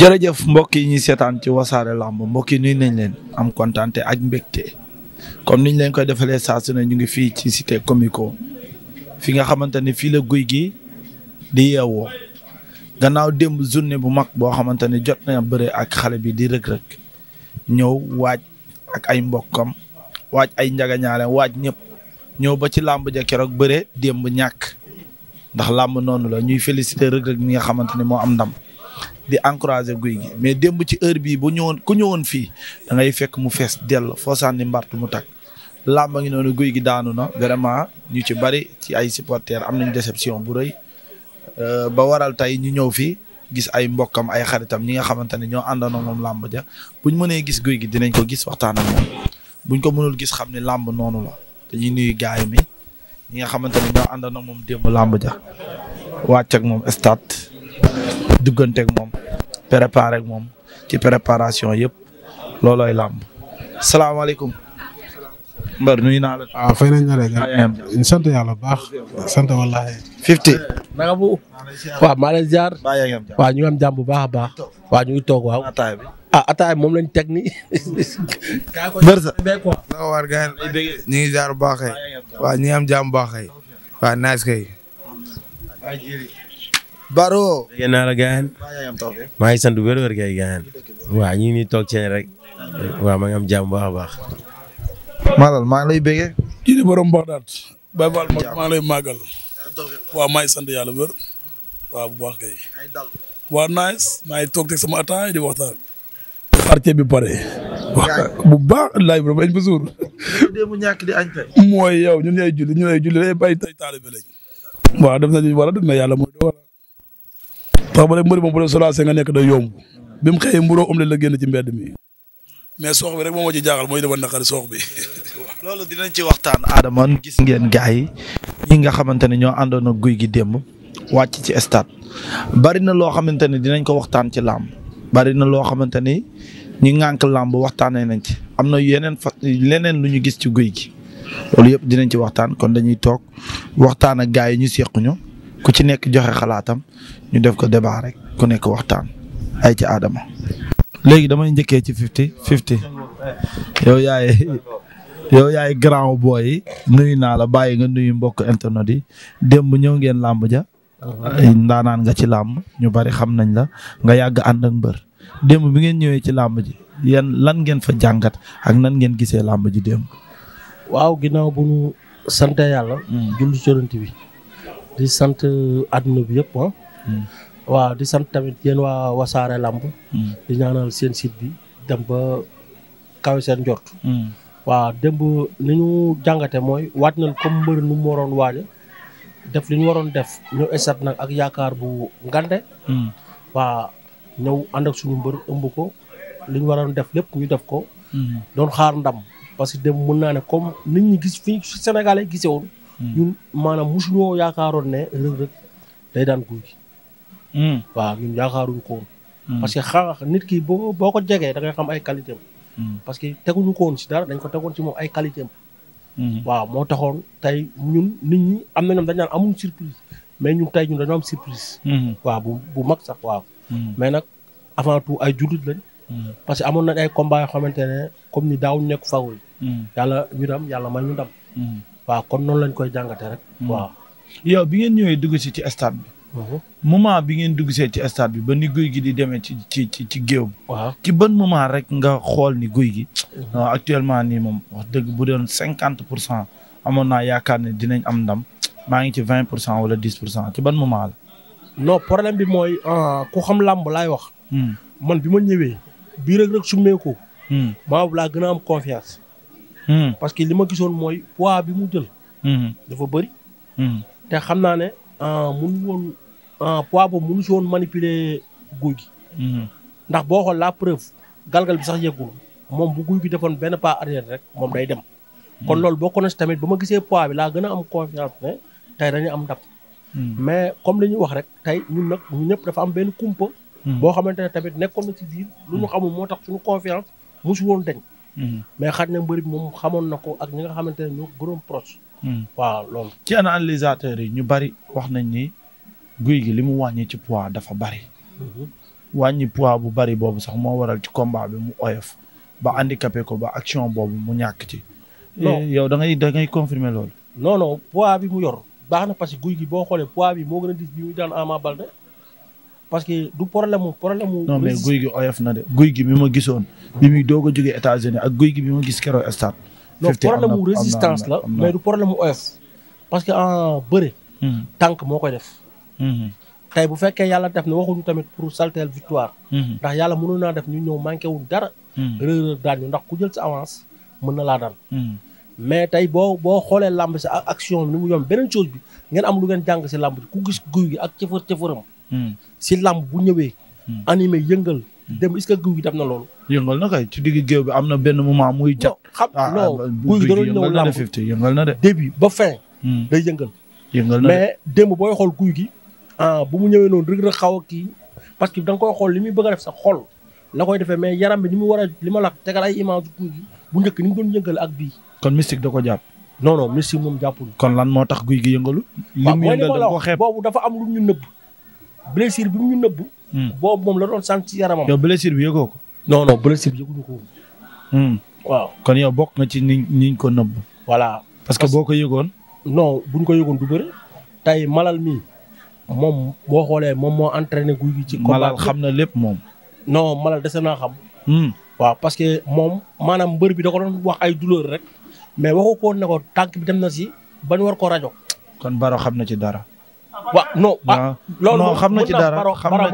jërëjëf mbokk yi ñuy seetaan ci wasaare lamb mbokk yi nuyu nañ leen am kontaan ak mbégte comme niñ leen koy defalee saa ne ñu ngi fii ci site comico fi nga xamante ne fii la guy gi di yeewoo gannaaw démb journée bu mag boo xamante ne jot na bëre ak xale bi di rëg-rëg ñëw waaj ak ay mbokkam waaj ay njagañaale waaj ñëpp ñëw ba ci làmb ja keroog bëre démb ñàkk ndax làmb noonu la ñuy féliciter rëg-rëg mi nga xamante ne moo am ndam di encourager guy gi mais démb ci heure bii bu ñëwoon ku ñëwoon fii dangay fekk mu fees dell foo sànni mbartu mu takk làmba ngi noonu guy gi daanu na vraiment ñu ci bari ci ay supporters am nañu déception bu rëy euh, ba waral tey ñu ñëw fii gis ay mbokkam ay xaritam ñi nga xamante ne ñoo àndoon ak moom làmb ja buñ mënee gis guy gi dinañ ko gis waxtaan moom buñ ko mënul gis xam ne làmb noonu la dañuy nuyu gaay mi ñi nga xamante ne ñoo àndoon moom démb làmb ja wàcc dugganteeg moom préparé moom ci préparation yëpp loolooy làmb. salaamaaleykum. Mbër nuyu naa la. waaw ah, fay nañ la rek. sant baax. sant wallaahi. fifty. naka bu. waaw maa leen ñu ngi am bu baax a baax. waaw ñu ngi toog waaw. ah ataay moom lañ teg ni Mbër sa. naka waar ngi ziar bu baax kay. waaw ñu ngi am jàmm baax kay. waaw nice kay. Baro. dégg naa la maa ngi sant wér wér kay gaañ. waaw ñu ngi nii toog ceeñ rek. waaw ma ngi am baax a baax. Malal maa ngi lay béggee. kii di borom baax daal. Baye Fall maa ngi lay màggal. waaw maa ngi sant yàlla wér. waaw maa ngi toog teg sama ataay di waxtaan. quartier bi pare. bu baax laay bi dafa bu ñàkk di añ mooy yow ñu ñooy julli ñun ñooy julli day bàyyi tey taalibe lañ. waaw yàlla mooy dogal parce que ba léegi mbëri moom bu dee solaase nga nekk day yomb bi mu xëyee mburoo om la génn ci mbedd mi mais soox bi rek moom moo ci jaaxal mooy dama naqari soox bi. loolu dinañ ci waxtaan Adama gis ngeen gars yi nga xamante ne ñoo àndoon ak guy gi démb wàcc ci stade bari na loo xamante ne dinañ ko waxtaan ci làmb bari na loo xamante ni ñi ŋànk làmb waxtaanee nañ ci am na yeneen fa leneen lu ñu gis ci guy gi loolu yëpp dinañ ci waxtaan kon dañuy toog waxtaan ak gars yi ñu seq ku ci nekk joxe xalaatam ñu def ko débat rek ku nekk waxtaan ay ci aadama léegi damay njëkkee ci fifty fifty yow yaay yow yaay grand boy yi naa la bàyyi nga nuyu mbokk internet yi démb ñëw ngeen làmb ja ndaanaan nga ci làmb ñu bari xam nañ la nga yàgg ànd ak mbër démb bi ngeen ñëwee ci làmb ji yan lan ngeen fa jàngat ak nan ngeen gisee làmb ji démb waaw ginnaaw bu ñu sante yàlla hmm. julli ci bi di sant àdduna bi yëpp ah. Hmm. waaw di sant tamit yéen waa wasaare lamb. Hmm. di ñaanal seen site bi dem ba kawe seen njort. Hmm. waaw démb ni ñu jàngate mooy waaj nañ comme mbër nu waroon waaje def li ñu waroon def ñu esat nag ak yaakaar bu ngande. waa ñëw ànd ak suñu mbër ëmb ko li ñu waroon def lépp ñu def ko. doon xaar ndam parce que démb naa ne comme nit ñi gis fii Sénégalais gisewul Hmm. ñun maanaam mosuñoo yaakaaroon ne Reug Reug day daan guy ki hmm. waaw ñun yaakaaruñ ko woon. Hmm. parce que xa nit ki boo boo ko jegee da ngay xam ay qualité am. parce que teguñu ko woon si dara dañ ko tegoon si moom ay qualité am. waaw moo taxoon tey ñun nit ñu am na ñoom dañ naan amuñ surprise mais ñun tey ñun dañoo am surprise. waaw bu bu mag sax waaw. mais nag avant tout ay jullit parce que amoon nañ ay combat xamante ne comme ni daawuñ nekk fawul. yàlla ñu dem yàlla may ñu dem. waaw kon noonu lañ koy jàngatee rek. Hmm. waaw yow bi ngeen ñëwee dugg si ci stade bi. Uh-huh. moment bi ngeen dugg see ci stade bi ba ni guy gi di demee ci ci ci ci géew bi. waaw ci ban moment rek nga xool ni guy gi. Uh-huh. non actuellement nii moom wax dëgg bu doon cinquante pour cent amoon naa yaakaar ne dinañ am ndam maa ngi ci vingt pour cent wala dix pour cent ci ban moment la. non problème bi mooy ah, ku xam làmb laay wax. Hmm. man bi ma ñëwee. bii rek rek su meeku. maa hmm. laa gën a am confiance. Hmm. parce que li ma gisoon mooy pois bi mu jël. Hmm. dafa bëri. Hmm. te xam naa ne ah, mënu woon ah, pois boobu mënu si woon manipuler guy gi. ndax boo xool la preuve galgal bi sax yeggul moom bu guy gi defoon benn pas arrière rek moom day dem. kon loolu boo connaissé tamit ba ma gisee pois bi laa gën a am confiance ne tey dañuy am ndam. mais comme li ñuy wax rek tey ñun nag ñëpp dafa am benn kumpa. boo xamante ne tamit nekkoon na ci biir. lu ñu xamul moo tax suñu confiance mosu woon de Mm-hmm. mais xam na mbër moom xamoon na ko ak ñi nga xamante ne ñoo gënoon proche. Mm-hmm. waaw loolu. ci analysateurs yi ñu bari wax nañ ni guy gi li mu wàññi ci poids dafa bari. Mm-hmm. wàññi poids bu bari boobu sax moo waral ci combat bi mu oyof ba handicapé ko ba action boobu mu ñàkk ci. non eh, yow da ngay da ngay confirmer loolu. non non bi mu yor baax na parce guy gi boo xoolee poids bi moo gën a diis bi muy daan Ama Baldé. parce que du problème mu problème mu. non guy gi oyof ma gisoon. bi doog a jógee États-Unis ak guy gi bi ma gis keroog stade. fifty am na problème mu résistance la mais du problème mu oyof. parce que en bëre. Hmm. tànk moo koy def. Hmm. tey bu fekkee yàlla def na waxuñu tamit pour saltel victoire. Hmm. ndax yàlla mënoon naa def ñu ñëw manqué wu dara. rëy daan ñu ndax ku jël sa avance mën na laa daan. mais tey boo boo xoolee làmb si action lu mu yomb beneen chose bi ngeen am lu ngeen jàng si làmb ku gis guy gi ak cëfër cëfëram. Hmm. si làmb bu ñëwee. Hmm. animé yëngal. Hmm. dem est-ce guy gi def na loolu. yëngal na kay ci digg géew bi am na benn moment muy. jat xam ah, non ah, guy gi doon ñëw làmb yëngal na de début ba fin. day yëngal. yëngal na de mais démb booy xool guy gi. ah bu mu ñëwee noonu rëgg rëgg xaw a kii parce que da nga koy xool li muy bëgg def sa xool la koy defee mais yaram bi ni mu war a li ma la tegal ay image guy gi bu njëkk ni mu doon yëngal ak bii. kon mystique da ko jàpp. non non mystique moom jàppul. kon lan moo tax guy gi yëngalu. li mu boobu dafa am lu ñu blessure bi mu ñu nëbb. Hmm. boo moom la doon sant ci yaramam. yow blessure bi yëgoo ko. non non blessure bi yëguñu ko. Hmm. waaw kon yow bokk na ci ni ñu ko nëbb. voilà parce que boo ko yëgoon. bu ñu ko yëgoon du bëri. tey malal mii moom boo xoolee moom moo entraîné guy gi. ci combat malal xam na lépp moom. non malal dese naa xam. Hmm. waaw parce que moom maanaam mbër bi da ko doon wax ay douleur rek mais waxu ko ne ko tànk bi dem na si bañ war koo rajo. kon Baro xam na ci dara. waaw ah, non ah loolu xam na ci dara xam na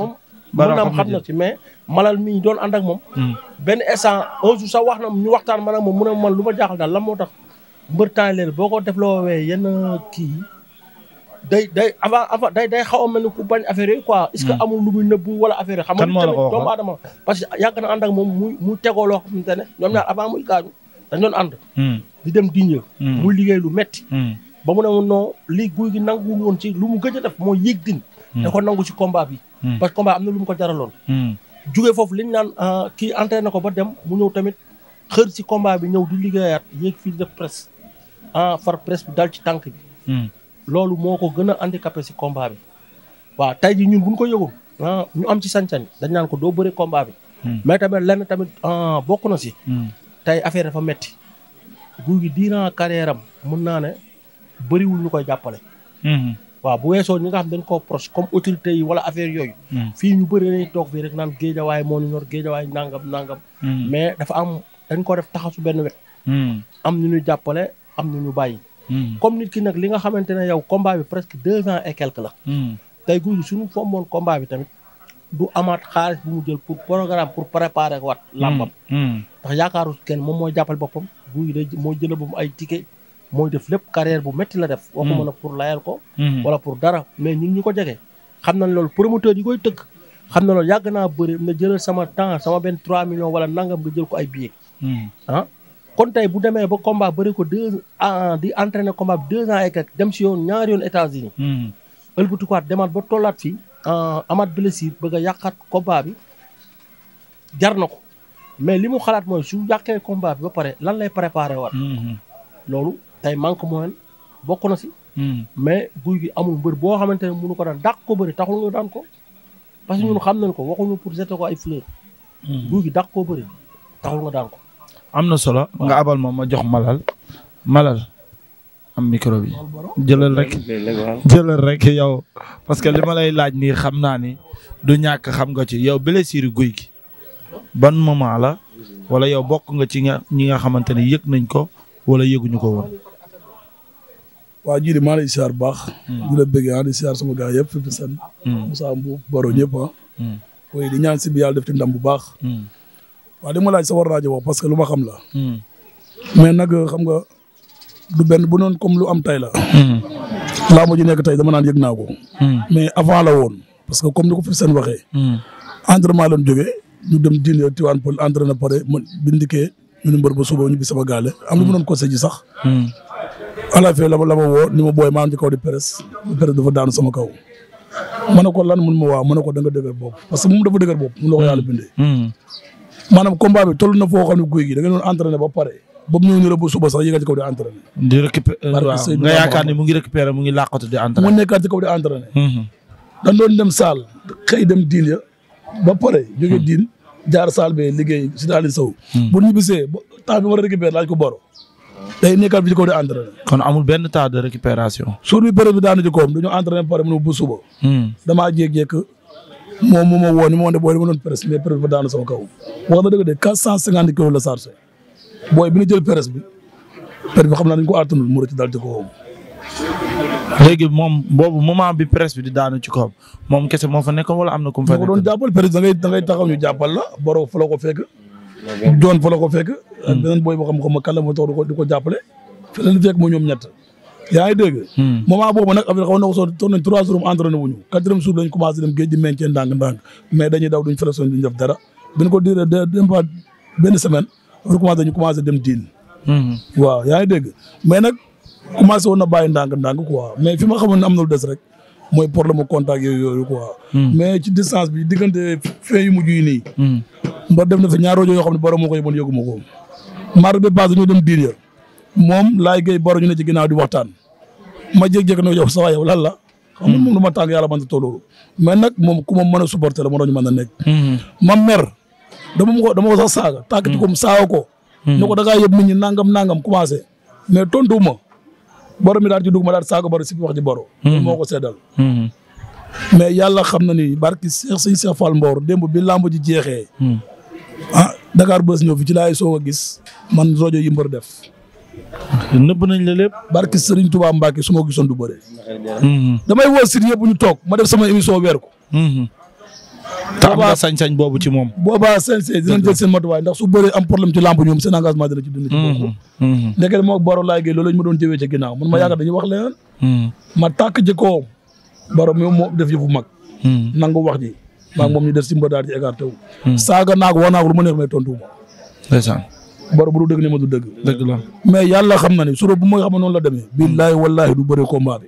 moom xam na ci mais malal mi ñu doon ànd ak moom hmm. benn instant un jour sax wax na ñu waxtaan man moom mu ma man lu ma jaaxal daal lan moo tax mbër temps leen boo ko def loo woowee yenn kii day day avant avant day day xaw a mel ni ku bañ affaire yi quoi est que hmm. amul lu muy nëbbu wala affaire yi xam nga tamit parce que yàgg na ànd moom muy muy tegoo loo xamante ne ñoom ñaar hmm. avant muy gaañu dañ doon ànd di dem diñë muy liggéey lu metti ba mu ne ma noo lii guy gi nanguwul woon ci lu mu gëj a def moo yéeg din hmm. da ko nangu ci combat bi. Hmm. parce que combat am na lu mu ko jaraloon. Hmm. jugee foofu liñ naan ah, kii entraîné na ko ba dem mu ñëw tamit xër ci combat bi ñëw di liggéeyaat yéeg fii def presse ah far presse bi ci tànk bi. loolu moo ko gën a handicapé ci combat bi. waaw tey jii ñun bu ko yëgul ah, ñu am ci sañ-sañ dañ naan ko doo bëri combat bi. mais tamit lenn tamit ah, bokk na si tey affaire dafa metti guy gi diiran carrière mun naa ne. bëriwul ñu koy jàppale. Mhm. waaw bu weesoo ñi nga xam dañ koo proche comme autorité yi wala affaire yooyu. Mhm. fii ñu bëri nañu toog fii rek naan géejawaay moo ñu ñor géejawaay nangam nangam. Mhm. mais dafa am dañ koo def taxasu benn wet. am nu ñu jàppale am ñu ñu bàyyi. comme nit ki nag li nga xamante ne yow combat bi presque deux ans et quelque la. tey guy gi suñu fommoon combat bi tamit du amaat xaalis bu mu jël pour programme pour préparer wat làmbam. ndax yaakaaru kenn moom mooy jàppale boppam guy moo jëlee ba ay ticket. mooy def lépp carrière bu métti la def. Hmm. waxuma nag pour layal ko. Hmm. wala pour dara mais ñun ñu ko jege. xam nañ loolu promoteur yi koy tëgg xam na loolu yàgg naa bëri na jëlal sama temps sama benn 3 millions wala nangam nga jël ko ay billets. Hmm. ah kon tey bu demee ba combat bëri ko deux di entraîner combat bi deux ans et dem si yoon ñaari yoon États-Unis. ëlbatikuwaat demaat ba tollaat fii. Ah, amaat blessure bëgg a yàqaat combat bi jar na ko mais li mu xalaat mooy su yàqee combat bi ba pare lan lay préparé waat. loolu tey manque moyen bokk na si. Hmm. mais guy gi amul mbër boo xamante ne mënu ko daan dàq ko bari taxul nga daan ko. parce que hmm. ñun xam nañ ko waxuñu pour jeter ko ay fleur. Hmm. guy gi dàq ko taxul nga daan ko. am na solo nga abal ma ma jox malal malal am micro bi jëlal rek jëlal rek yow parce que li lay laaj nii xam naa ni du ñàkk xam nga ci yow blessure guy gi ban moment la wala yow bokk nga ci ñi nga xamante ne yëg nañ ko wala yëguñu ko woon. waaw jiidi maa lay siyaar bu baax. Hmm. di la bëgg ah di sama gars yëpp Fifty Cent. Hmm. Moussa Mbow Baro ñëpp ah. hmm. ñaan si bi yàlla def ci ndam bu baax. waaw di ma laaj sa war rajo wax parce que lu ma xam la. mais nag xam nga du benn bu noonu comme lu am tay la. laa ma ji nekk tey dama naan yëg naa ko. mais avant la woon parce que comme ni ko Fifty Cent waxee. entraînement lañ jógee ñu dem diine Tivaouane Peulh entraîné pare ma bindikee ñu ne mbër ba suba ñu bi sama gaale am lu mu doon conseil sax. alaafee la ma la ma woo ni ma booy maa ngi ci kaw di peres peres dafa daanu sama kaw. ma ne ko lan mun ma waaw ma ne ko da nga dëgër bopp parce que moom dafa dëgër bopp mu la ko yàlla bindee. Mm. Mm. maanaam combat bi toll na foo xam ne guy gi da nga doon entraîné ba pare ba mu ñëw ne la ba suba sax yëgal ci kaw di entraîné. di récupérer waaw nga yaakaar ne mu ngi récupérer mu ngi làqatu di entraîné. mu nekkaat ci kaw di entraîné. Mm-hmm. dañ doon dem saal xëy dem diin ya ba pare jóge mm. diin jaar saal bee liggéey si daal di saw. bu ñu bisee ba temps bi war a récupérer laaj ko boro day nekkal bi ci kaw di entraîné. kon amul benn temps de récupération. suur bi période bi daanu ci kawam dañoo entraîné ba pare mu ne bu suba. Hmm. damaa jékki-jékki moom moo ma woo ni ma ne booy dama doon presse mais période bi daanu sama kaw. wax na dëgg de quatre cent cinquante xam naa dañu ko àttanul mu rëcc daal ci kawam. léegi moom boobu moment bi presse bi di daanu ci kawam moom kese moo fa nekkoon wala am na. ku mu fa nekkoon doon jàppal presse da ngay taxaw ñu jàppal la boroo fa ko fekk. doon fa la ko fekk. Hmm. ak beneen booy boo xam ko ma kàlla di ko di ko jàppale. fekk moo ñoom ñett. yaa ngi dégg. Hmm. moment boobu nag affaire xaw na ko soo toog nañ trois jours mu entraîné wuñu quatrième jour lañ commencé dem géej di meññee ndànk-ndànk mais dañuy daw duñ fële soñ duñ def dara. bi ñu ko diiree dem ba benn semaine recommencé ñu commencé dem diin. Hmm. waaw yaa ngi dégg mais nag commencé woon na bàyyi ndànk-ndànk quoi mais fi ma xamoon ne am na lu des rek mooy problème mu contact yooyu ko quoi. Hmm. mais ci distance bi diggante fin yu mujj yi nii. Hmm. mbar def na fi ñaar rajo yoo xam ne baro moo koy bon yëgu ma ko. mardi bi passé ñu dem diir moom laay gay baro ñu ne ci ginnaaw di waxtaan ma jékki-jékki ne yow saa yow lan la. xam nga hmm. ma tàng yàlla man tolloo mais nag moom ku ma mën a supporter la ma doon mën a nekk. ma mer dama ko dama ko sax saaga. tàkkati ko mu saaga ko. ne ko da ngaa yëpp ñi nangam nangam commencé mais tontu ma. boro mi daal ci dugg ma daal saago boro sikki wax boro moo ko seddal hmm. mais yàlla xam na ni barki Seex Sëñ Seex Fall Mboor démb bi làmb ji jeexee hmm. ah Dakar Buzz ñëw fi ci laay a gis man rojo yi mbër def nëbb nañ la lépp barki Serigne Touba Mbacke su gisoon du bëre hmm. damay woo site yëpp ñu toog ma def sama émission weer ko te am nga boobu ci moom. boobaa sañ-sañ dinañ jël seen matuwaay ndax su bëree am problème ci làmb ñoom seen engagement dina ci dund. ci bokk ndeket moo ak ma doon jëwee ca ginnaaw ma mhm. yaakaar dañuy wax leneen. Mhm. ma tàkk jëkkoo Baro moom def yëfu mag. Mhm. nangu wax ji. maa ngi moom ñu si mbër daal ci écarté wu. saaga naag wax naag lu ma neex may tontu Baro bu du dëgg ne ma du dëgg. dëgg la yàlla xam na ne suro bu ma xam ne noonu la demee. billaahi wallaahi du bëre combat bi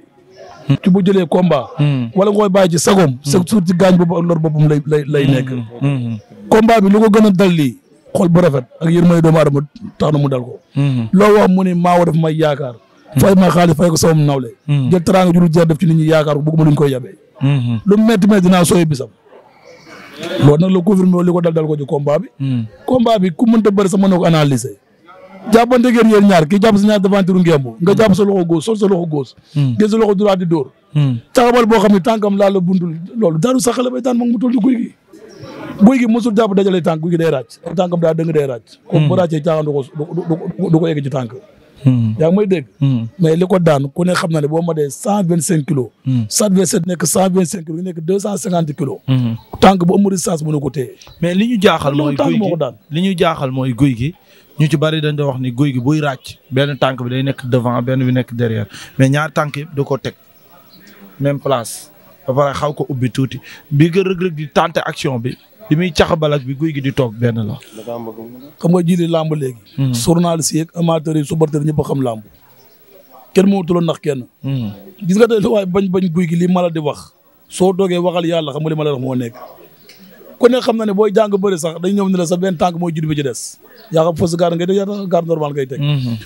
ci bu jëlee combat. Hmm. wala nga koy bàyyi ci sagoom. chaque hmm. jour ci gaañ boobu ak lor boppam lay lay lay hmm. nekk. bi lu ko gën a dal lii xol bu rafet ak yéen may na mu dal ko. loo wax mu ne maawa daf may yaakaar. fay ma xaalis fay ko samam nawle. jël teraanga ju dul def ci nit ñi yaakaar ko bëgguma luñ koy yabee. lu métti métti dinaa sooy bisam. loolu nag la confirmé li ko dal dal ko ci bi. combat bi ku mënta bëri sax mën ko analyser. jàppante ngeen yéen ñaar kii jàpp sa ñaar devantiru ngemb nga jàpp sa loxo góos sol sa loxo góos hmm. gën sa loxo droit hmm. boo xam ne tànkam laal la bundul loolu daaru sax la bay daan moom mu toll guy gi guy gi mosul jàpp dajale tànk guy gi day ràcc tànkam daa dëng day ràcc comme bu ko du ko yegg ci tànk hmm. yaa ngi may dégg mais li daan ku ne xam na ne boo ma dee cent vingt cinq kilos cent vingt sept nekk cent vingt cinq kilos nekk deux cent cinquante kilos tànk bu amul mais li ñu jaaxal mooy guy gi li ñu jaaxal mooy guy gi ñu ci bari dañ doon wax ni guy gi buy ràcc benn tànk bi day nekk devant benn bi nekk derrière mais ñaar tànk yëpp da ko teg même place ba xaw ko ubbi tuuti bi gën rëg-rëg di tenter action bi bi muy caxabal ak bi guy gi di toog benn la. xam nga jili làmb léegi. Hmm. journaliste yeeg amateurs yi supporters ñëpp a xam làmb. kenn mënatu la ndax kenn. Hmm. gis nga tey waaye bañ bañ guy gi li ma la di wax. soo doogee waxal yàlla xam ma li ma la moo nekk. kon ne xam na ne booy jàng bëri sax dañ ñëw ne la sa benn tànk mooy judd bi ci des yaa xam fausse garde ngay def yaa xam garde normal mhm.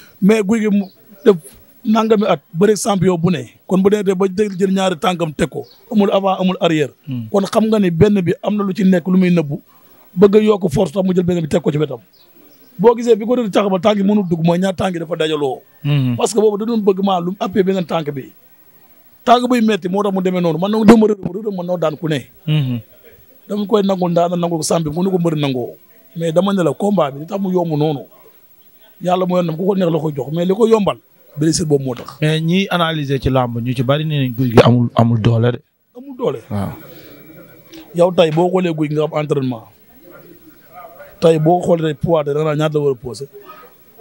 ne kon bu dee ba dégg jël ñaari tànkam teg ko amul avant amul arrière mhm. kon xam nga ne benn bi am na lu ci nekk lu muy nëbbu bëgg a yokk force tax mu jël benn bi teg ko ci wetam boo gisee bi ko doon taxawal tànk yi mënul dugg mooy ñaar tànk yi dafa dajaloo mhm. parce que boobu da doon bëgg maa lu mu appee beneen tànk bi tànk buy metti moo tax mu demee noonu man na dóma rëdd rëdd mën noo daan ku dama koy nangul ndaana nangul sambi sàmbi mu ne ko mbër nangoo mais dama ne la combat bi li tax yomb noonu yàlla mooy nam ku ko neex la ko jox mais li ko yombal blessure boobu moo tax. me ñiy analyser ci làmb ñu ci bari nee nañ guy gi amul amul doole de. amul doole waaw. yow tay boo xoolee guy nga am entraînement tay boo xoolee poids de da ñaata la war a posé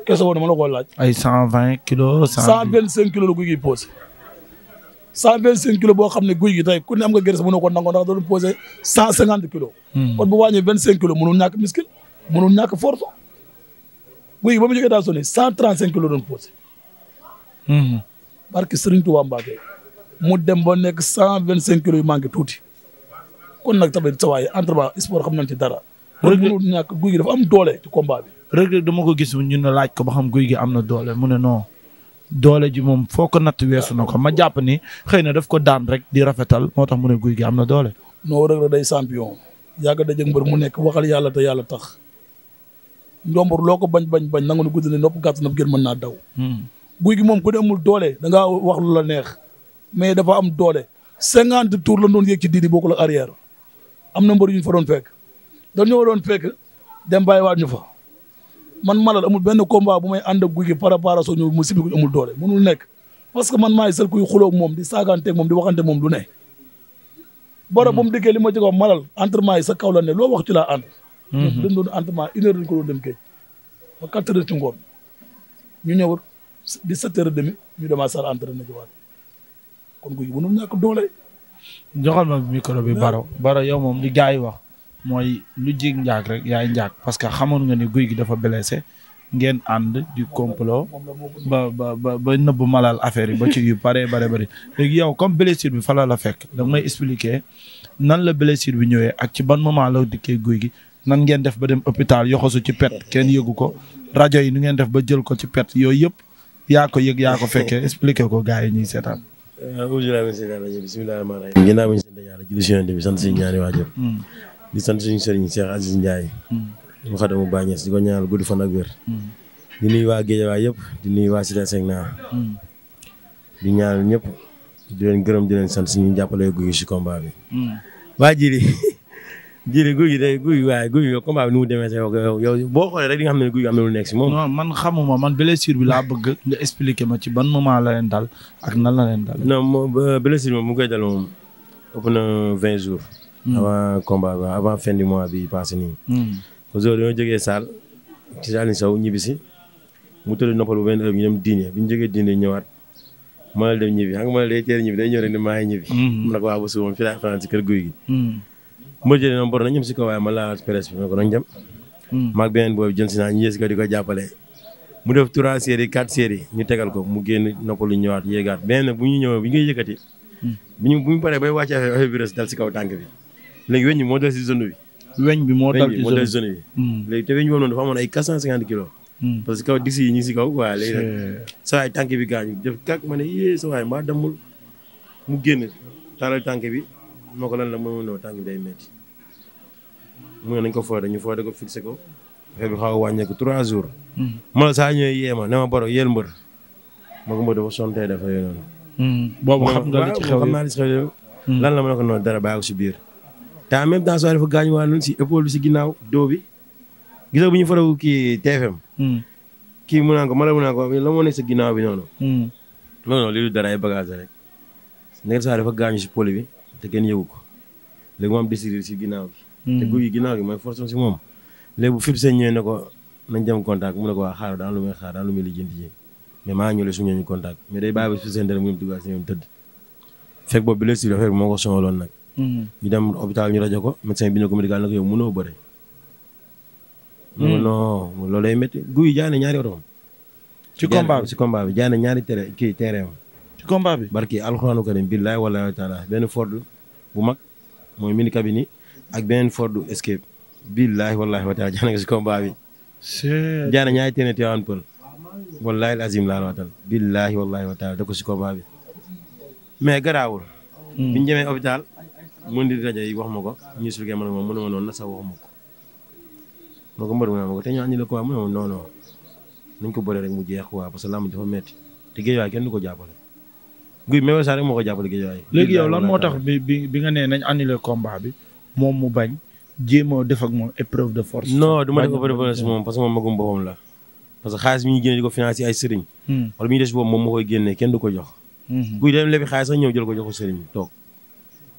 kese boobu dama la ay cent vingt kilos cent vingt cinq kilos la guy gi posé. cent vingt cinq kilos boo xam ne guy gi tey ku ne am nga gerte mënoo ko nangoo ndax da doon posé cent cinquante kilos. Hmm. kon bu wàññee vingt cinq kilos mënul ñàkk miskil mënul ñàkk force guy gi ba mu jógee daal sonné cent trente cinq kilos doon posé. Hmm. barke Serigne Touba Mbacké mu dem ba nekk cent vingt cinq kilos yu manqué tuuti kon nag tamit sa waay ba sport xam nañ ci dara. rëgg mënul ñàkk guy gi dafa am doole ci combat bi. rëgg dama ko gis ñu ne laaj ko ba xam guy gi am na doole mu ne non. doole ji moom foo ko natt weesu na ko ma jàpp ni xëy na def ko daan rek di rafetal moo tax mu ne guy gi am na doole. noo rek la day champion yàgg dajëg mbër mu nekk waxal yàlla te yàlla tax ndombor loo ko bañ bañ bañ nangu ne gudd na nopp na gën mën naa daw. Hmm. guy gi moom ku ne amul doole da wax lu la neex mais dafa am doole. cinquante tours la doon yéeg ci diidi bokkul ak arrière am na mbër yu fa doon fekk dañoo doon fekk dem bàyyiwaat ñu fa. man malal amul benn combat bu may ànd ak guy gi préparation ñëw mu sibbiku amul doole mënul nekk parce que man maay sel kuy xuloog moom di saagaanteeg moom di waxante moom lu ne boro hmm. bu mu dikkee li ma ci wax malal entraînement yi sa kaw la ne loo wax ci laa ànd hmm. dañ doon entraînement une heure dañ ko doon dem géej ba quatre heures ci ngoon ñu ñëw di sept demi ñu demaat sar entraînement ji waat kon guy gi mënul nekk doole joxal ma micro bi baro baro yow moom li gars yi wax mooy lu jig njaag rek yaay njaag parce que xamoon nga ni guy gi dafa blessé ngeen ànd di complot ba ba ba nëbb malal affaire yi ba ci yu bare bare bëri léegi yow comme blessure bi fa la la fekk da may expliquer nan la blessure bi ñëwee ak ci ban moment la dikkee guy gi nan ngeen def ba dem hôpital yoxosu ci pet kenn yëgu ko rajo yi nu ngeen def ba jël ko ci pet yooyu yëpp yaa ko yëg yaa ko fekkee expliquer ko gars yi ñuy seetaan. Euh, bisimilah. ginnaaw bi ñu sant yàlla julli si yonent bi sant si ñaari waajur hmm. di sant suñu sëriñ Cheikh Aziz Ndiaye. Hmm. mu xadamu bàññees di ko ñaanal guddi fan ak wér. Hmm. di nuyu waa yëpp di waa waa Cité naa hmm. di ñaanal ñëpp di gërëm di leen sant suñu jàppale guy si combat bi. waa Jili Jili guy gi day guy gi waaye guy gi combat bi nu mu demee sa yow yow boo xoolee rek di nga xam ne guy gi am na lu nekk si moom. non man xamuma man blessure bi laa bëgg nga expliquer ma ci ban moment la leen dal ak nan la leen dal. non moom moom mu koy dal moom ëpp na vingt jours. Hmm. avant combat bi avant fin du mois bi passé nii. Ousseur hmm. dañoo jógee Saal ci Saalum Sow ñibbisi mu tëdd noppal bu ben heure ñu dem diine bi ñu jógee diine ñëwaat mënal dem ñibbi xam nga mënal day teel day ñëw rek ne maa ngi ñibbi. mu hmm. ne ko waa ba suba moom fii laa fanaan guy gi. mbër jëlee noonu na ñoom si ko waaye ma laal presse bi ma ko doon jëm. si naa ñu yées ko di ko jàppale. mu def trois séries quatre séries ñu tegal ko mu génn noppalu ñëwaat yéegaat beneen nag bu ñu ñëwee bu ñu koy bu ñu bu ñu bay wàcce affaire bi si kaw tànk bi léegi weñ moo des si bi. moo dal ci zone bi zone bi. Hmm. léegi te hmm. que kaw si kaw waaye léegi tànk bi gaañu def kàk ma ne yee sa waay mbaa demul mu génn bi moo lan la moom noo day metti mu nañ ko foote ñu foote ko fixé ko affaire bi xaw trois jours. Hmm. ma ne saa ñëwee yee ma ne ma baro boobu xam nga li ci xew yi dara bàyyi ko si biir. te en même temps soo dafa gaañu waa noonu si épaule si ginnaaw doo bi gisoo bu ñu farawu ki TFM. kii hmm. mu naan ko ma la mu naan ko la moo nekk ginnaaw bi noonu. Hmm. non non lii du dara ay bagages rek. nekk saa gaañu si poli bi te kenn yëgu ko léegi mu am décidé si ginnaaw bi. Hmm. te guy gi mooy force si moom. léegi bu fi seen ñëwee ne ko nañ dem contact mu ne ko waa xaaral daal lu muy xaar daal lu muy lijjanti ji mais maa ñëwee suñu ñooñu contact mais day bàyyi ba fi seen mu dem dugg ak seen tëdd. fekk si fekk ko sonaloon ñu dem hôpital ñu rajo ko médecin bi ne ko médical na ko yow mënoo bëre. Hmm. non non loolu lay métti guy jaay na ñaari oto. ci combat bi ñaari tere kii terrain am. ci combat bi barki alxuraanu karim billaay wallaahi taala benn Ford bu mag mooy mini cabine ak beneen Ford Escape billaay wallaahi wa taala jaay na ko ci combat bi. ñaari teene teewaan laa waatal billaahi wallaahi wa taala da ko si combat bi mais garaawul hmm. biñu jëmee hôpital mën di rajo yi wax ma ko ñu expliqué ma ne moom mu ne noonu na sax ko ma ko mbër mu ne ko te ñu àññi la quoi mu ma non non nañ ko bëree rek mu jeex quoi parce que làmb kenn du ko jàppale guy Mewé Sarr rek moo ko jàppale géejawaay léegi yow lan moo tax bi bi nga nee nañ annulé combat bi moom mu bañ jéem a def ak moom épreuve de force. moom parce moom magum boppam la parce xaalis bi ñuy génne di ko financé ay sëriñ. Hmm. wala bi ñuy des boobu moom moo koy génne kenn du ko jox. Hmm. guy dem lebi xaalis sax ñëw jël ko jox ko sëriñ toog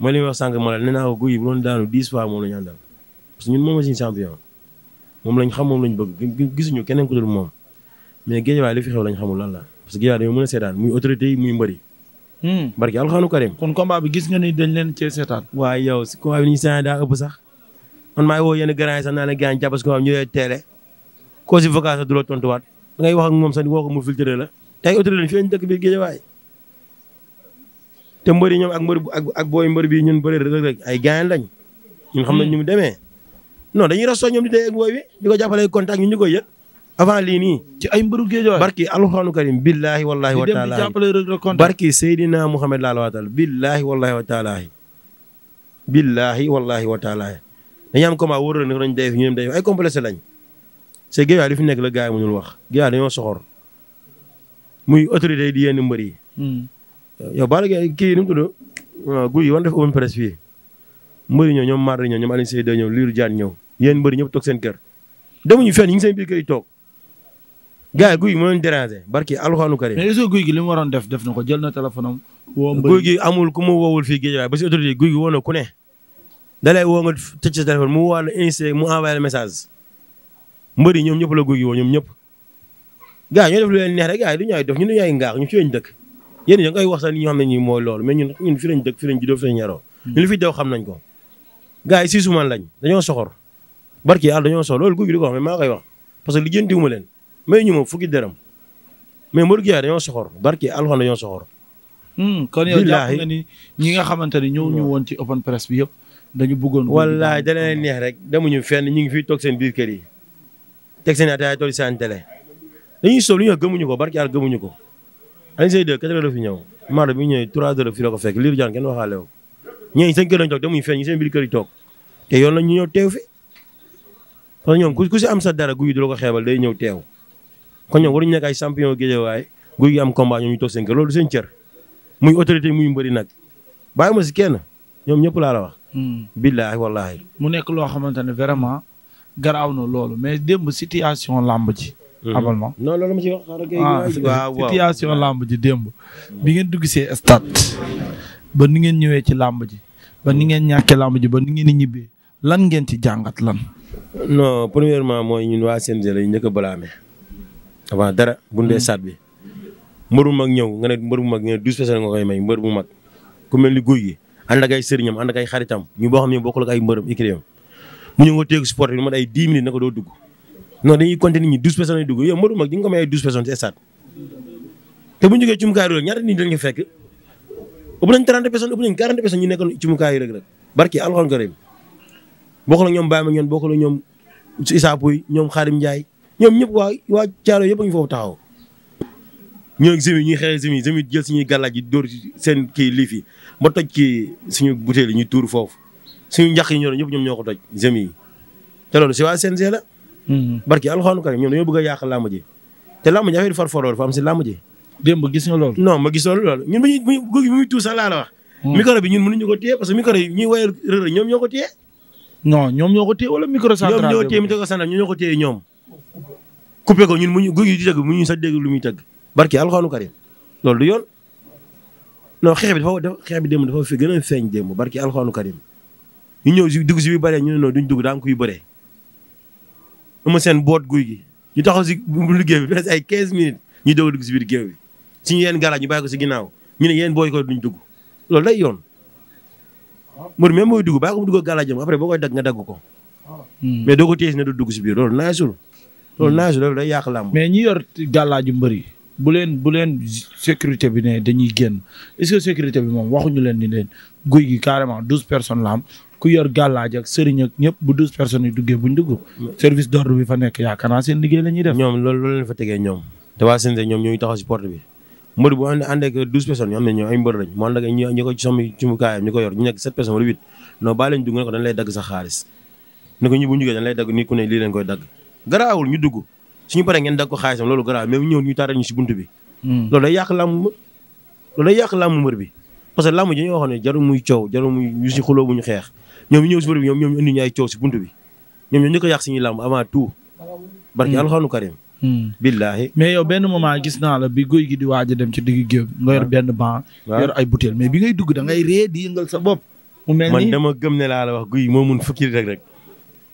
mooy li ñuy wax sànq ma la nee naa ko guy bu doon daanu dix fois moom la ñu àndal parce que ñun moom la suñu champion moom lañ xam moom lañ bëgg gisuñu keneen ku dul moom mais géejawaay li fi xew lañ xamul lan la parce que géejawaay dañoo mën a seetaan muy autorité yi muy mbëri hmm. barki alxaanu karim kon combat bi gis nga ni dañ leen cee seetaan waaye yow si combat bi ni ñu seetaan daa ëpp sax man maay woo yenn grand yi sax naa ne gaañ jàpp si combat bi ñu lay teele koo si vacances du la tontuwaat da ngay wax ak moom sax di woo ko mu filtré la tey autorité lañ fi lañ dëkk biir géejawaay te mbëri ñoom ak mbër ak ak booy mbër bi ñun bëri rek rek ay gaañ lañ. ñun xam na ñu hmm. mu demee. non dañuy rastoo ñoom di dee ak booy bi di ko jàppale contact ñun ñu koy yëg. avant lii ci ay mbëru géej waay barki alxuraanu karim billahi wallahi wa taala di dem di jàppale rek rek contact barki Seydina Mouhamed laa la waatal billahi wallahi wa taala. billahi wallahi wa taala. dañuy am combat wóor na dañ dee ñu dem dee ay complexe lañ. c'est géej waay li fi nekk la gars yi mënul wax géej waay dañoo soxor muy autorité di yenn yi hmm. yow Balla Gaye kii nu mu tudd guy yi war def open press fii mbëri ñëw ñoom Marley ñëw ñoom Alioune Seye ñëw Lirou Diane ñëw yéen mbëri ñëpp toog seen kër demuñu ñu ngi seen biir kër yi toog gars yi barki alxaanu karim mais li mu def def na ko jël na téléphone am woo gi amul ku mu woowul fii géej waaye ba si autorité guy gi woo na ku ne da lay woo nga tëj sa téléphone mu woo la mu envoyé le message mbëri ñoom ñëpp la guy gi woo ñoom ñëpp gars ñoo def lu leen neex rek gars yi du ñu dof ñu du ñu ay ñu ci ñu dëkk yéen ña ngay wax sax ni ñoo xam ne ñi mooy loolu mais ñun ñun fi lañ fi lañ juddoo fi lañ yaroo hmm. ñun li fi dew xam nañ ko gars yi si suman lañ dañoo soxor barki yàlla dañoo soxor loolu guy gi di ko wax mais maa wax parce que lijjantiwuma leen mais ñu ma fukki dërëm mais Modou Gueye dañoo soxor barki alxan dañoo soxor hmm, kon yow jàpp nga ni ñi nga xamante ni ñëw ñu hmm. woon ci open press bi yëpp dañu bëggoon wallaay da leen neex rek demuñu fenn ñu ngi fii toog seen biir kër yi teg seen ataaya toog seen télé dañuy sol lu ñu gëmuñu ko barki yàlla gëmuñu ko Alioune Seye 2 quatre heures la fi ñëw Maodo bi ñëwee trois heures fi la ko fekk liiru jaan kenn waxaale wu ñeeñ seen kër lañ toog demuñu fenn ñi toog te yoon la ñu ñëw teew fi parce ñoo ñoom ku si am sa dara guy du la ko xeebal day ñëw teew kon ñoom waruñu nekk ay champion géejewaay guy gi am combat ñoom ñu toog seen kër loolu seen cër muy autorité muy mbëri nag bàyyi ma si kenn ñoom ñëpp laa la wax. Hmm. billaahi wallaahi. mu nekk loo xamante ne vraiment garaaw na loolu mais démb situation làmb ji xamal euh, ma. non loolu ma ci wax ah, situation làmb ji démb. bi ngeen dugg see stade. ba ni ngeen ñëwee ci làmb ji. ba ni ngeen ñàkkee làmb ji ba ni ngeen di ñibbee lan ngeen ci jàngat lan. non premièrement mooy ñun waa CNG la ñu njëkk a balaame. avant dara bu ñu dee mm. stade bi. mbër bu mag ñëw nga ne mbër bu mag nga ne douze personnes koy may mbër bu mag ku mel ni guy gi ànd ak ay sëriñam ànd ak xaritam ñu boo ne bokkul ak ay mbërëm ikrim mu ñëw nga ma ay dix minutes na ko doo dugg non dañuy compter nit ñi douze personnes yi dugg yow Modou Mag di nga ko may ay douze personnes ci stade te bu ñu jógee cumukaay rek ñaata nit dañ ko fekk ëpp nañ trente personnes ëpp nañ quarante personnes ñu nekkoon cumukaay rek rek barki alxuraan karim bokkul ak ñoom Baye Ma ñoon bokkul ak ñoom Issa Pouye ñoom Xaadim Ndiaye ñoom ñëpp waa waa Thiaro yëpp a ngi foofu taxaw. ñoo ngi semis ñuy xeexee semis semis jël suñuy gàllaaj yi dóor seen kii lii fi ba toj kii suñu butéel yi ñu tuur foofu suñu njaq yi ñoo ñëpp ñoom ñoo ko toj semis yi te loolu si waa CNG la Hmm. barki alxaanu karim ñoom dañoo bëgg a yàq làmb ji te làmb ji affaire farfaroo dafa am si làmb ji. démb gis nga loolu. non ma gisoon loolu ñun bu ñuy bu ñuy bu ñuy tuus sax laa la wax. Hmm. micro bi ñun mënuñu ko téye parce que micro yi ñuy wayal rër ñoom ñoo ko téye. non ñoom ñoo ko téye wala micro. central ñoom ñoo téye micro central ñoo ko téye ñoom. coupé ko ñun muñu guy gi di tëgg muñu sax dégg lu muy tëgg barki alxaanu karim loolu du yoon non xeex bi dafa xeex bi démb dafa fi gën a feeñ démb barki alxaanu karim ñu ñëw si dugg si bi bëree ñu ne noonu duñ dugg daa am kuy bëree Eumeu Sène boot guy gi ñu taxaw si bu liggéey bi ay 15 minutes ñu doog a dugg si biir géew bi suñu yeen galaaj ñu bàyyi ko si ginnaaw ñu ne yéen booy ko duñ dugg loolu day yoon. mbër même mooy dugg bàyyi ko mu dugg galaajam après boo koy dagg nga dagg ko. Hmm. mais doo ko téye si ne du dugg si biir loolu naasul. loolu hmm. naasul loolu day yàq làmb. mais ñi yor galaaju mbër yi bu leen bu leen sécurité bi ne dañuy génn est-ce que sécurité bi moom waxuñu leen ni leen guy gi carrément douze personnes la am ku yor gàllaaj ak sëriñ ak ñëpp bu douze personnes yi duggee buñ dugg service d'ordre bi fa nekk yaakaar naa seen liggéey ñoom loolu loolu leen fa tegee ñoom te ñoom ñooy taxaw si ñu ko ci somi ci ko ñu bu ñu jógee dañ lay dagg nii ñu dugg ñu si bunt bi hmm. loolu day yàq làmb loolu day bi parce que làmb ji ñoo xam ne coow jarul muy ñu xeex ñoom ñu ñëw si bëri bi ñoom ñoom ñu indi ñu ay coow si buntu bi ñoom ñoo ñu ko yàq suñuy làmb avant tout. Hmm. barki alxaanu karim hmm. billaahi mais yow benn moment gis naa la bi guy gi di waaj a dem ci digg géew nga yor benn ban yor ay butéel mais bi ngay dugg da ngay ree di yëngal sa bopp. mu mel ni man dama gëm ne laa la wax guy moo mun fukki rek rek.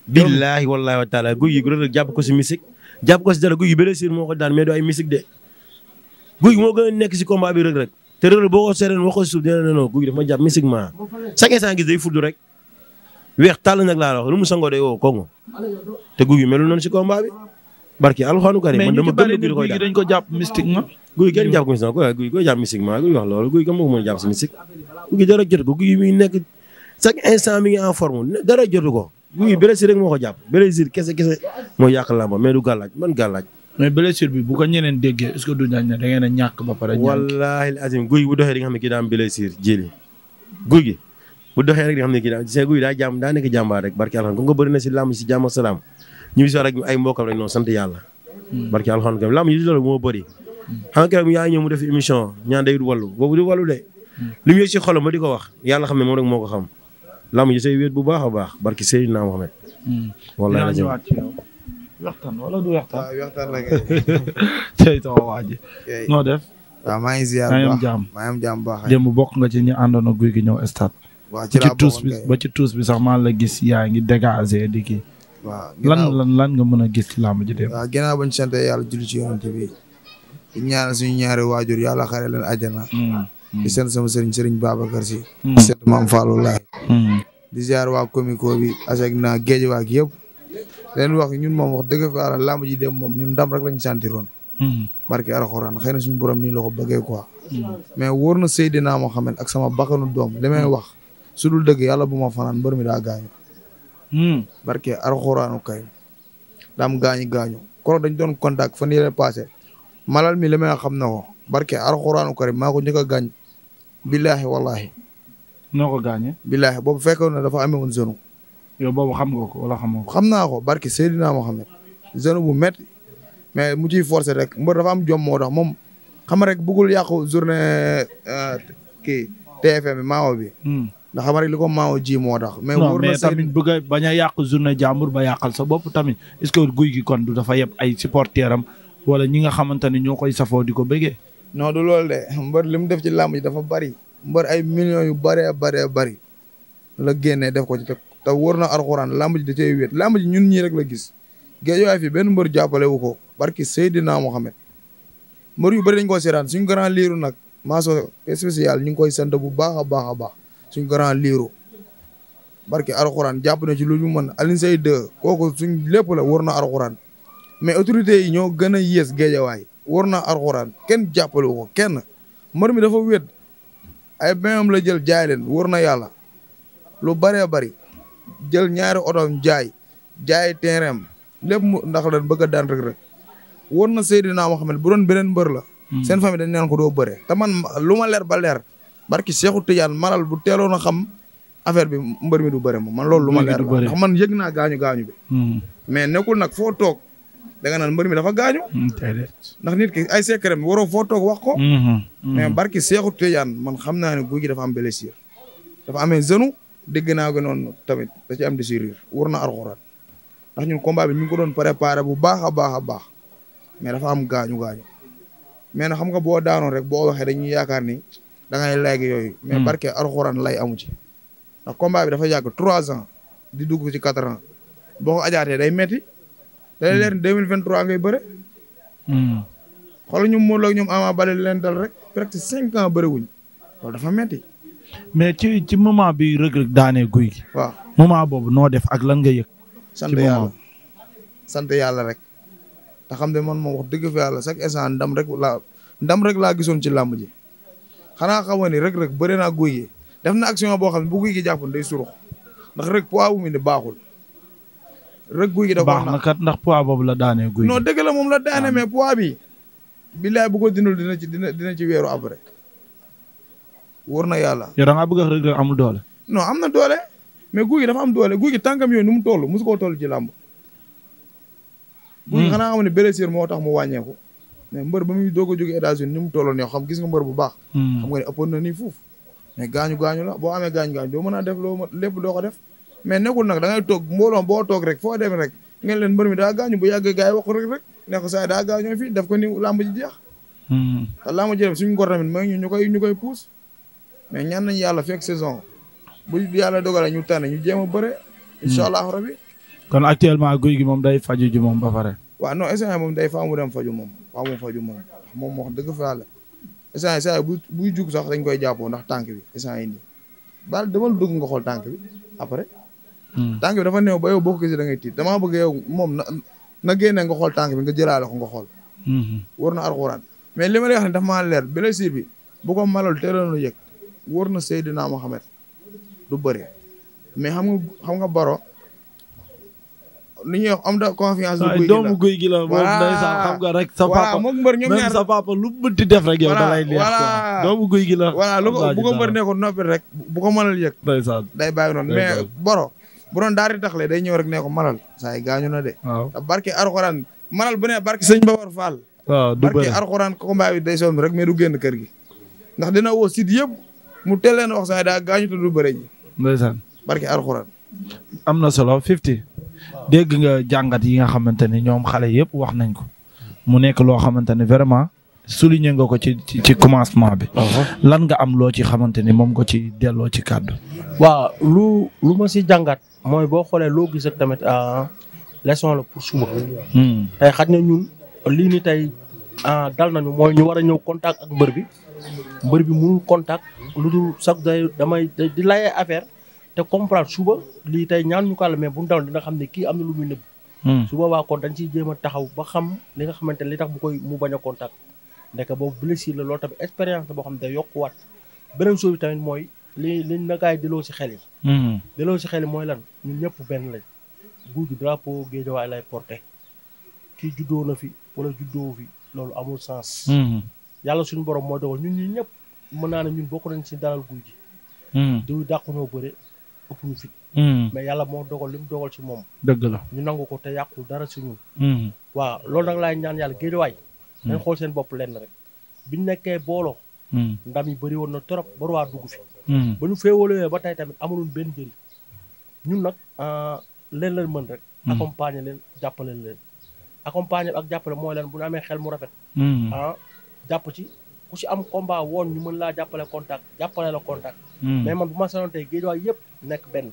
billaahi wallaahi wa taala guy yi rek rek jàpp ko si misik jàpp ko si dara guy yi blessure moo ko daan mais du ay misik de. guy moo gën a nekk si combat bi rek rek te rek boo ko seereen wax ko si suuf dina ne non guy dafa ma jàpp misik maa chaque instant gis day fudd rek weex tàll nag laa la wax lu mu sangoo day woo kongo te guy gi melul noonu si combat bi barki alxaanu karim man dama ko jàpp mystiquement guy kenn jàpp ko mystiquement guy ko guy wax loolu guy gam ko a jàpp si mystique guy gi dara jot ko guy gi mi nekk chaque ngi en forme dara jotu ko guy gi blessure rek moo ko jàpp blessure kese kese moo yàq làmb mais du gàllaaj man gàllaaj mais blessure bi bu ko ñeneen déggee est-ce que da ngeen a ba pare. wallaahi azim guy bu doxee di nga xam ne kii gi bu doxee rek di xam ne kii daa Seegu yi daa jàmm daa nekk jàmbaar rek barki alxam comme que bëri na si làmb si jàmm ak salaam ñu ngi si rek ay mbokkam rek noonu sant yàlla. Hmm. barki alxam kam làmb yi loolu moo bëri. xam nga keroog yaa ngi ñëw mu def émission ñaan day wallu boobu di wallu de. Hmm. li mu yëg si xolam ba di ko wax yàlla xam ne moom rek moo ko xam làmb yi say wéet bu baax a baax barki Seydina Mohamed. Hmm. wallaay la ñëwaat ci yow. waxtaan wala du waxtaan. waaw waxtaan la kay. tey sama waa ji. noo def. waaw maa ngi ziar bu baax maa ngi am jàmm baax. démb bokk nga ci ñi àndoon ak guy gi ñëw stade waaw ci tuus bi ba ci tuus bi sax maa la gis yaa ngi dégager di kii. waaw lan lan lan nga mën a gis ci làmb ji dem. waaw ginnaaw bañ sant yàlla julli ci yonent bi di ñaanal suñu ñaari waajur yàlla xare leen àjjana. Hmm, hmm. di sant sama sëriñ sëriñ Babacar si. Hmm. di sant maam Fallou Laye. di ziar waa comico bi asek naa géej waak yëpp. leen wax ñun moom wax dëgg fa yàlla làmb ñun ndam rek lañ santiroon. barke alxuraan xëy na suñu borom nii la ko bëggee quoi. mais wóor na Seydina ak sama bakkanu doom li may wax. su dul dëgg yàlla bu ma fanaan mbër mi daa gaañu. Hmm. barke alxuraanu karim daam gaañu gaañu koro dañ doon contact fan yéene passé malal mi li xam na ko barke alxuraanu karim maa ko njëkk a gaañ billaahi wallaahi boobu fekkoon na dafa amee woon zone. yow boobu xam nga ko wala xam naa ko barke Seydina Mohamed bu métti mais mu ciy forcé rek mbër dafa am jom moo tax moom xam rek bëggul yàqu journée euh, kii TFM bi maawo ndax xam rek li ko maa ji moo tax. mais wóor na tamit bëgg a a yàq journée jàmbur ba yàqal sa bopp tamit est que guy gi kon du dafa yeb ay supporters am wala ñi nga xamante ne ñoo koy safoo di ko bëggee. non du lool de mbër li mu def ci làmb ji dafa bari mbar ay millions yu bëree bëree bari la génnee def ko ci te te wóor na alxuraan làmb ji da ñun ñii rek la gis. géejawaay fi benn mbër jàppale wu ko barki Seydina Mohamed mbër yu bari dañ koo seetaan suñu grand liiru nag maaso spécial ñu ngi koy sant bu baax baax a baax suñ grand liiru barke alxuraan jàpp na ci lu ñu mën Alioune Seye 2 kooku suñ lépp la war na alxuraan mais autorités yi ñoo gën a yées géejawaay war na alxuraan kenn jàppale ko kenn mbër mi dafa wét ay benam la jël jaay leen war na yàlla lu bëree bari jël ñaari otoom jaay jaay terrain lépp mu ndax lan bëgg a daan rek rek war na Seydina Muhammad bu doon beneen mbër la hmm. seen famille dañ neen ko doo bëre te man lu ma leer ba leer barki Seexu Tijaan maral bu teeloon a xam affaire bi mbër mi du bëre moom man loolu lu ma leer la ndax man yëg naa gaañu gaañu bi hmm. mais nekkul nag foo toog da nga naan mbër mi dafa gaañu hmm, ndax nit ki ay secret waroo foo toog wax ko hmm, mais barki Seexu Tijaan man xam naa ne guy gi dafa am blessure dafa amee genou dégg naa ko noon tamit da ci am déchirure war na arxuraan ndax ñun combat bi ñu ngi ko doon préparé bu baax a baax a baax mais dafa am gaañu gaañu mais na xam nga boo daanoon rek boo waxee dañuy yaakaar ni da ngay léegi yooyu. Hmm. mais barke alxuraan lay amu ci. ndax combat bi dafa yàgg trois ans di dugg ci quatre ans boo ko ajaatee day metti da leen hmm. leer mille vingt trois ngay bëre. Hmm. xoolal ñoom Modou Lo ak leen dal rek presque cinq ans bëre dafa metti mais ci ci moment bi Reug Reug daanee guy gi. waaw moment boobu noo def ak lan nga yëg. sant yàlla rek. te xam ne man moom wax dëgg fa yàlla chaque instant ndam rek laa ndam rek laa gisoon ci làmb ji. xanaa xamoon ni rek rek bëri naa guy gi def na action boo xam ne bu guy gi jàppoon day surux ndax rek poids bu mu baaxul. rek guy gi da baax na kat ndax poids boobu la daanee guy non dëgg la moom la daane mais poids bi. billaay bu ko dina ci dina dina ci weeru après. wóor na yàlla. yow da bëgg a rek rek amul doole. non am na doole mais guy gi dafa am doole guy gi tànkam yooyu nu mu toll mosu koo toll ci làmb. guy gi hmm. xanaa xam ne blessure moo tax mu wàññeeku. mais mbër ba muy doog a jóge États-Unis ni mu tolloon yoo xam gis nga mbër bu baax hmm. xam nga ne ëppoon na nii foofu mais gaañu gaañu la boo amee gaañu gaañu doo mën a def loo lépp doo ko def mais nekkul nag da toog mbooloo boo toog rek foo dem rek ngeen leen mbër mi daa gaañu bu yàggee gars yi wax rek rek ne ko saa daa gaañoo fii def ko ni làmb ji jeex hmm. te làmb ji dem suñu ngor tamit mooy ñu ñu koy ñu koy puus mais ñaan nañ yàlla fekk saison bu yàlla dogalee ñu tànn ñu jeem a bëre hmm. incha allahu rabi kon actuellement guy gi moom day faju ji moom ba pare waaw non instant moom day faaw mu dem faju moom faaw mu faju moom moom moo dëgg fa yàlla instant saa bu buy jug sax dañ koy jàppoo ndax tànk bi instant yi nii baal demal dëgg nga xool tànk bi après. Hmm. tànk dafa néew ba yow boo ko gisee da ngay tiit damaa bëgg yow moom na na génne nga xool tànk bi nga jëlaale ko nga xool. Hmm. wóor na alxuraan mais li ma lay wax ne dafa maa leer blessure bi bu ko malal teeloon lu yëg wor na Seydina Mohamed du bëri mais xam nga xam nga baro. lu ñuy wax homme de confiance. bu guy gi la moom ndeysaan xam nga rek. sa mbër ñoom ñaar sa papa lu mënti def rek yow. da lay leer quoi doomu guy gi la. voilà lu ko mbër nekkoon noppi rek bu ko mënal yëg. ndeysaan day bàyyi noonu mais boro bu doon daari taxle day ñëw rek ne ko malal saa yi gaañu na de. waaw barke Alxuraan malal bu ne barke sëñ Bawar Fall. waaw du bëri barke Alxuraan combat bi day sonn rek me du génn kër gi. ndax dina woo site yëpp mu teel leen wax saa yi daa gaañu du bëre ji. ndeysaan barke Alxuraan am na solo Fifty dégg nga jàngat yi nga xamante ne ñoom xale yëpp wax nañ ko mu nekk loo xamante ne vraiment souligné nga ko ci ci commencement bi. Uh-huh. lan nga am loo ci xamante ni moom ko ci delloo ci kàddu. waaw lu lu ma ci jàngat mooy boo xoolee loo gis ak tamit ah, leçon la pour suba. Hmm. tey xaj na ñun lii ni tey ah, dal nañu mooy ñu war a ñëw contact ak mbër bi mbër bi mënul contact lu dul sax day di layee affaire. te comprendre suba lii tey ñaan ñu ko àll mais bu ñu daw dina xam ne kii am na lu muy nëbb hmm. su boobaa dañ ciy jéem a taxaw ba xam li nga xamante ne li tax mu koy mu bañ a contact ndeke boobu blessure la loolu tamit expérience la boo xam ne day waat beneen chose bi tamit mooy li liñ nagaay delloo si xel yi hmm. delloo si xel yi mooy lan ñun ñëpp benn lañ guuj drapeau géejawaay lay porté kii juddoo na fi wala juddoo fi loolu amul sens hmm. yàlla suñu borom moo dogal ñun ñi ñëpp mën naa ne ñun bokk nañ si dalal guuj ji du dàqunoo bëre ëpp ñu fit hmm. mais yàlla moo dogal li mu dogal ci moom dëgg la ñu nangu ko te yàqul dara si ñun hmm. waaw loolu nag laay ñaan yàlla waay dañ hmm. xool seen bopp leen rek biñ nekkee booloo ndam yi bëri woon na trop ba ruwaa dugg fi ba ñu féewaloo ba tey tamit amuloon benn njëriñ ñun nag ah, leen leen mën rek accompagner leen jàppale leen accompagner ak jàppale mooy leen bu ñu amee xel mu rafet ah jàpp ci ku si am combat woon ñu mën laa jàppale contact jàppale la contact Hmm. mais man bu ma sanoon tey géejawaay yëpp nekk benn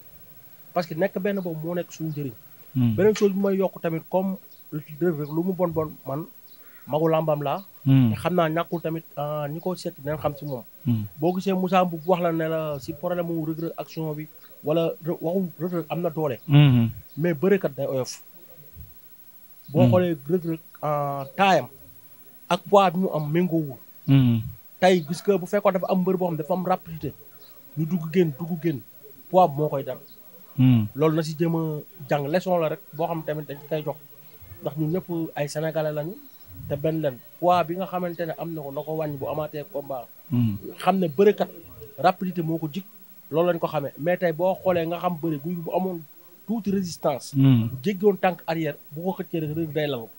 parce que nekk benn boobu moo nekk suñu njëriñ hmm. beneen chose bu may yokk tamit comme lu mu bon bon man magu làmbam laa hmm. xam naa ñàkkul tamit ah, ñi ko seet dinañ xam si moom boo gisee Moussa bu wax la ne la si problème action bi wala waxu Reug Reug am na doole mais bërekat day oyof boo xoolee Reug Reug ah, taayam ak poids bi mu am méngoowul tey gis que bu fekkoo dafa am mbër boo xam dafa am rapidité ñu dugg génn dugg génn poids bi moo koy dal. Hmm. loolu na si jëm a jàng leçon la rek boo xam tamit dañ kay jox ndax ñun ñëpp ay sénégalais lañu te benn leen poids bi nga xamante ne am na ko na ko wàññi bu amaatee combat. Hmm. xam ne kat rapidité moo ko jig loolu lañ ko xamee mais tey boo xoolee nga xam bëri guy bu amoon tuuti résistance. bu hmm. jéggiwoon tànk arrière bu ko xëccee rek day langu.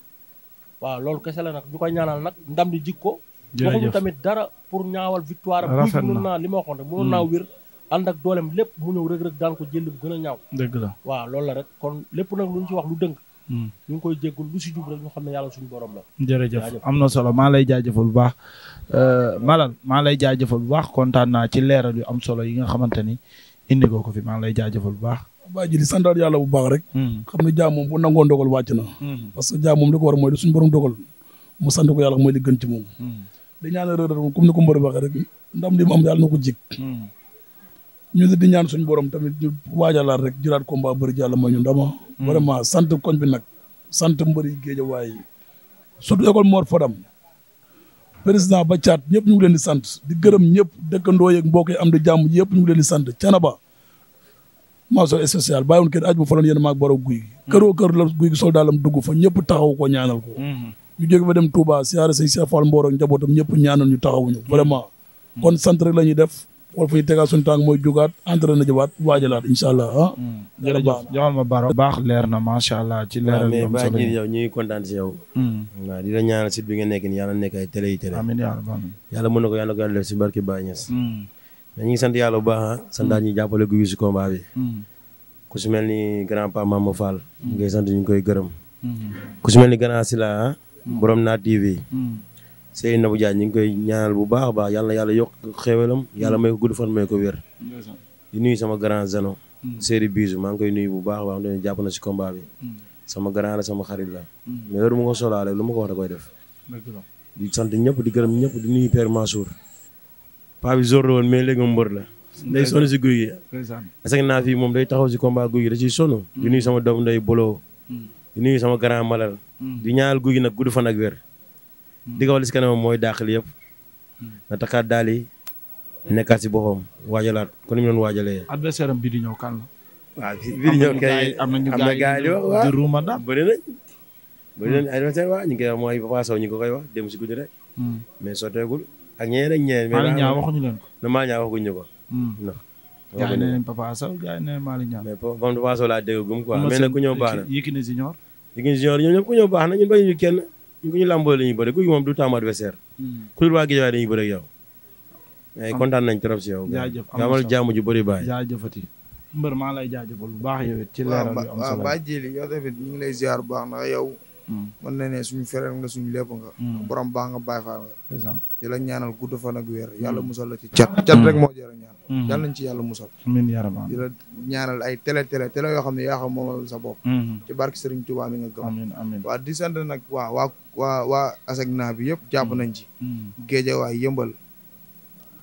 waaw loolu kese la nag ñu koy ñaanal nag ndam di jig ko waxuñu tamit dara pour ñaawal victoire am ma waxoon rek mënoon naa hmm. wér lépp mu ñëw rek rek ko jël bu a la waaw loolu la rek kon lépp nag lu ñu ci wax lu dëng hmm. ñu ngi koy jéggul lu si jub rek xam ne yàlla suñu borom la jërëjëf am na solo maa lay jaajëfal bu baax euh, Malal maa lay jaajëfal bu baax kontaan naa ci leeral yu am solo yi nga xamante ni indi ko ko fi maa lay jaajëfal bu baax baa ji di santaat yàlla bu baax rek hmm. xam ne jaam moom bu nangoon dogal wàcc na parce que jaam moom li ko war mooy li suñu borom dogal mu sant ko yàlla mooy li gën ci moom di ñaan Reug Reug moom ni ko mbër waxee rek ndam li mu am yàlla na ko jig hmm. ñu di ñaan suñu borom tamit ñu waajalaat rek jëlaat combat bëri jàll ma ñu ndama hmm. vraiment sant koñ bi nag sant mbër yi géej waay yi surtout école Mor Fadam président ba caat ñëpp ñu ngi leen di sant di gërëm ñëpp dëkkandoo yeeg mbokk yi am di jàmm ñëpp ñu ngi leen di sant canaba mention spéciale bàyyiwoon kenn aj bu faloon yéen maag baro guy gi hmm. këroo kër la guy gi soldat lam dugg fa ñëpp taxaw ko ñaanal ko ñu jóge fa dem Touba siyaare say Cheikh Fall Mboro ak njabootam ñëpp ñaanal ñu taxawuñu mm. vraiment mm. kon sant rek la ñuy def wala fu ñu tegaat suñu tànk mooy jugaat entraîné ah. mm. na macha allah ci leeral. waaw mais baax yow ñu ngi kontaan si yow. waaw di bi nga nekk nii yàlla nekk ay télé yi télé. amiin yàlla mën na ko yàlla ko yàlla def si barki Baye Niass. ñu ngi sant yàlla bu baax ah. sant daal ñuy jàppale gu si combat bi. ku si mel ni grand pa Mama Fall. ngay sant ñu ngi koy gërëm. ku ni grand Sila ah. Mm. borom naa TV. Mm. Seynabou Dia ñu ngi koy ñaanal bu baax a baax yàlla yàlla yokk xéwalam yàlla mm. may ko gudd fan may ko wér. di nuyu sama grand Zano. Seri Bisou maa ngi koy nuyu bu baax a baax mu jàpp na si combat bi. sama grand la xarit la. mais heure mu ko lu ma ko wax koy def. di sant ñëpp di gërëm ñëpp di nuyu Père Mansour. paa bi zor la woon mais léegi mbër la. day sonn si guy gi. parce naa fii moom day taxaw si combat guy gi da ciy sonn. di nuyu sama doom nday Bolo. di nuyu sama grand malal. Hmm. di ñaanal guy gi nag gudd fan ak wér. Hmm. di ko wàllu si kanamam mooy dàqal yëpp. Hmm. na takkaat daal yi nekkaat si boppam waajalaat kon ni mu doon waajalee. adversaire am bi di ñëw kan la. waaw bi di ñëw kay am nañu gars yi di ruuma daal bëri nañ. bëri nañ ñu ngi wax mooy ñu ko koy wax dem si guddi rek. mais sotteegul ak ñeneen ak ñeneen. Malick Niang waxuñu leen ko. non nag ku ñëw baax na Yékini Junior Yékini junior ñoom ñëpp ku ñëw baax na ñun ñu kenn ñu ko ñu làmboo la ñuy bëri guy gi moom du taamu adversaire hmm. ku dul waa Guédiawaye ñu bëri ak yow eh, mais kontaan nañ trop si yow nga amal jàmm ju bëri baay jaajëfati mbër maa lay jaajëfal bu baax yow it ci leeral bi am solo waaw baa jili yow tamit ñu ngi lay ziar bu baax ndax yow Mm. mën na ne suñu fereer nga suñu lépp nga mm. borom baax nga bàyyi faa nga di la ñaanal gudd fan ak weer yàlla mm. musal la ci cat cat rek moo jëra ñaan yàlla nañ ci yàlla musal amiin yaa di la ñaanal ay télé télé yoo xam ne yaa xam moom sa bopp mm-hmm. ci barke Sëriñ Tuubaa mi nga gëm amiin amiin waa waa waa waa waa bi yëpp jàpp nañ ci Géejawaay yëmbal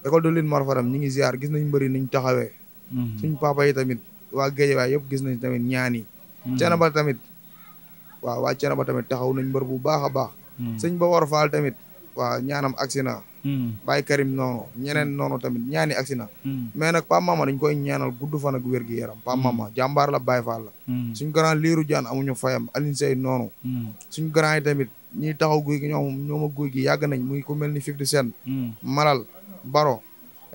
école de lune Marfaram ñi ngi ziar gis nañ mbëri niñ taxawee mm-hmm. suñ papa yi tamit waa Géejawaay yëpp gis nañ tamit ñaan yi mm-hmm. tamit waaw waa Thiénaba tamit taxaw nañ mbër bu baax a baax hmm. sëñ ba war faal tamit waaw ñaanam agsi na hmm. bàyyi karim noonu ñeneen hmm. noonu tamit ñaani agsi na mais nag Pape Mama dañ koy ñaanal gudd fana gu wér gi yaram Pape Mama jàmbaar la Baye Fall la suñ grand liiru jaan amuñu fayam Alioune Seye noonu suñ grand yi tamit ñiy taxaw guy gi ñoom ñoom guy gi yàgg nañ muy ku mel ni Fifty Cent malal baro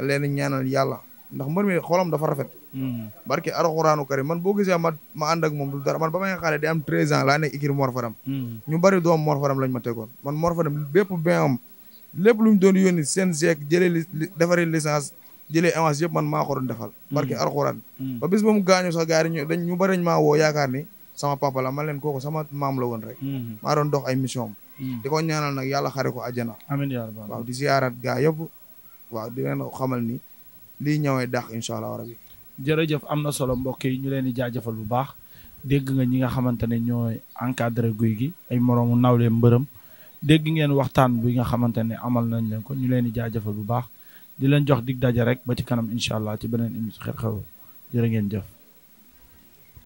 leen ñaanal yàlla ndax mbër mi xolam dafa rafet Mm. barke alxuraanu karim man boo gisee ma ma ànd ak moom du dara man ba may xale di am treize ans laa nekk ikir Mor Fadam mm. ñu bari doom Mor Fadam ma tegoon man Mor Fadam bépp ben am lépp lu ñu doon yónni seen seek jëlee defaree licence jëlee avance yëpp man maa ko doon defal mm. barke alxuraan ba bis ba mu gaañu sax gars yi dañ ñu bari dañ maa woo yaakaar ni sama papa la man leen kooku sama maam la woon rek maa doon dox ay mission am di ko ñaanal nag yàlla xare ko àjjana amiin yaa waaw di ni lii ñëwee dàq incha allah rabbi jërëjëf am na solo mbokk yi ñu leen di jaajëfal bu baax dégg nga ñi nga xamante ne ñooy encadré guy gi ay moroomu nawle mbërëm dégg ngeen waxtaan bi nga xamante ne amal nañ leen ko ñu leen di jaajëfal bu baax di leen jox dig daje rek ba ci kanam incha allah ci beneen émission xew-xew jërë ngeen jëf.